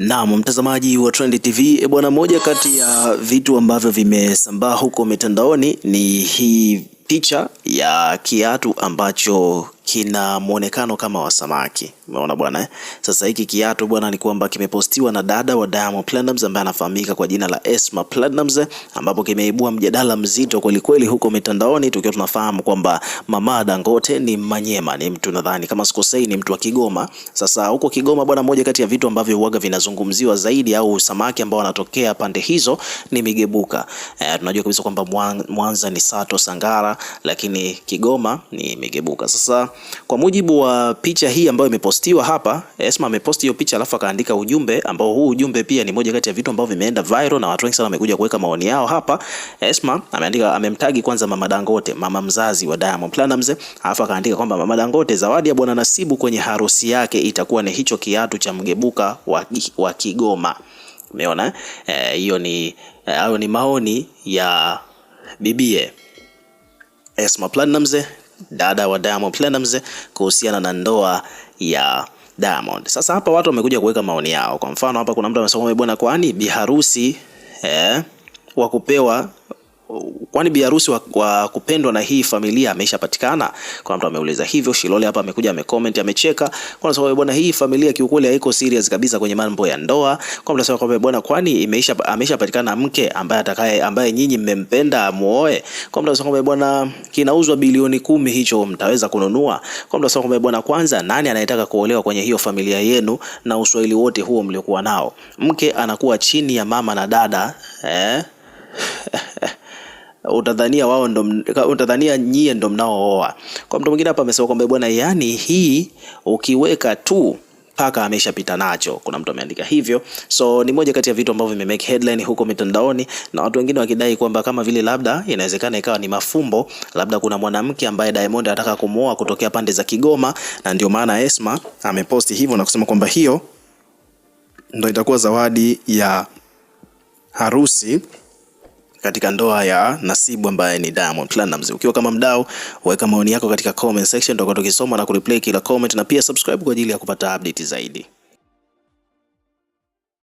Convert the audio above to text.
Naam, mtazamaji wa Trend TV, e bwana, moja kati ya vitu ambavyo vimesambaa huko mitandaoni ni hii picha ya kiatu ambacho kina muonekano kama wa samaki. Umeona bwana eh? Sasa hiki kiatu bwana ni kwamba kimepostiwa na dada wa Diamond Platnumz ambaye anafahamika kwa jina la Esma Platnumz, ambapo kimeibua mjadala mzito kweli huko mitandaoni, tukiwa tunafahamu kwamba Mama Dangote ni Manyema, ni mtu nadhani kama sikosei, ni mtu wa Kigoma. Sasa huko Kigoma bwana, moja kati ya vitu ambavyo huaga vinazungumziwa zaidi au samaki ambao wanatokea pande hizo ni migebuka. E, tunajua kabisa kwamba Mwanza ni Sato Sangara, lakini Kigoma ni migebuka. Sasa kwa mujibu wa picha hii ambayo imepostiwa hapa, Esma ameposti hiyo picha alafu akaandika ujumbe ambao huu ujumbe pia ni moja kati ya vitu ambavyo vimeenda viral na watu wengi sana wamekuja kuweka maoni yao hapa. Esma ameandika, amemtagi kwanza Mama Dangote, mama mzazi wa Diamond Platnumz, alafu akaandika kwamba Mama Dangote, zawadi ya Bwana Nasibu kwenye harusi yake itakuwa ni hicho kiatu cha mgebuka wa, wa Kigoma. Umeona eh, hiyo e, ni eh, hayo e, ni maoni ya bibie Esma Platnumz dada wa Diamond Platinumz kuhusiana na ndoa ya Diamond. Sasa hapa watu wamekuja kuweka maoni yao. Kwa mfano hapa kuna mtu amesema bwana, kwani biharusi eh, wa kupewa kwani bi harusi wa, wa kupendwa na hii familia ameshapatikana? Kuna mtu ameuliza hivyo. Shilole hapa amekuja amecomment, amecheka kwa sababu bwana, hii familia kiukweli haiko serious kabisa kwenye mambo ya ndoa. Kwa mtu anasema bwana, kwani imeisha ameshapatikana mke ambaye atakaye ambaye nyinyi mmempenda muoe. Kwa mtu anasema bwana, kinauzwa bilioni kumi hicho mtaweza kununua? Kwa mtu anasema bwana, kwanza nani anayetaka kuolewa kwenye hiyo familia yenu na uswahili wote huo mliokuwa nao? Mke anakuwa chini ya mama na dada eh? utadhania wao ndo utadhania nyie ndo mnaooa. Kwa mtu mwingine hapa amesema kwamba bwana, yani hii ukiweka tu paka ameshapita nacho. Kuna mtu ameandika hivyo, so ni moja kati ya vitu ambavyo vime make headline huko mitandaoni na watu wengine wakidai kwamba kama vile labda inawezekana ikawa ni mafumbo, labda kuna mwanamke ambaye Diamond anataka kumwoa kutokea pande za Kigoma, na ndio maana Esma ameposti hivyo na kusema kwamba hiyo ndo itakuwa zawadi ya harusi katika ndoa ya Nasibu ambaye ni Diamond Platnumz. Ukiwa kama mdau, weka maoni yako katika comment section, tutakuwa tukisoma na kureply kila comment, na pia subscribe kwa ajili ya kupata update zaidi.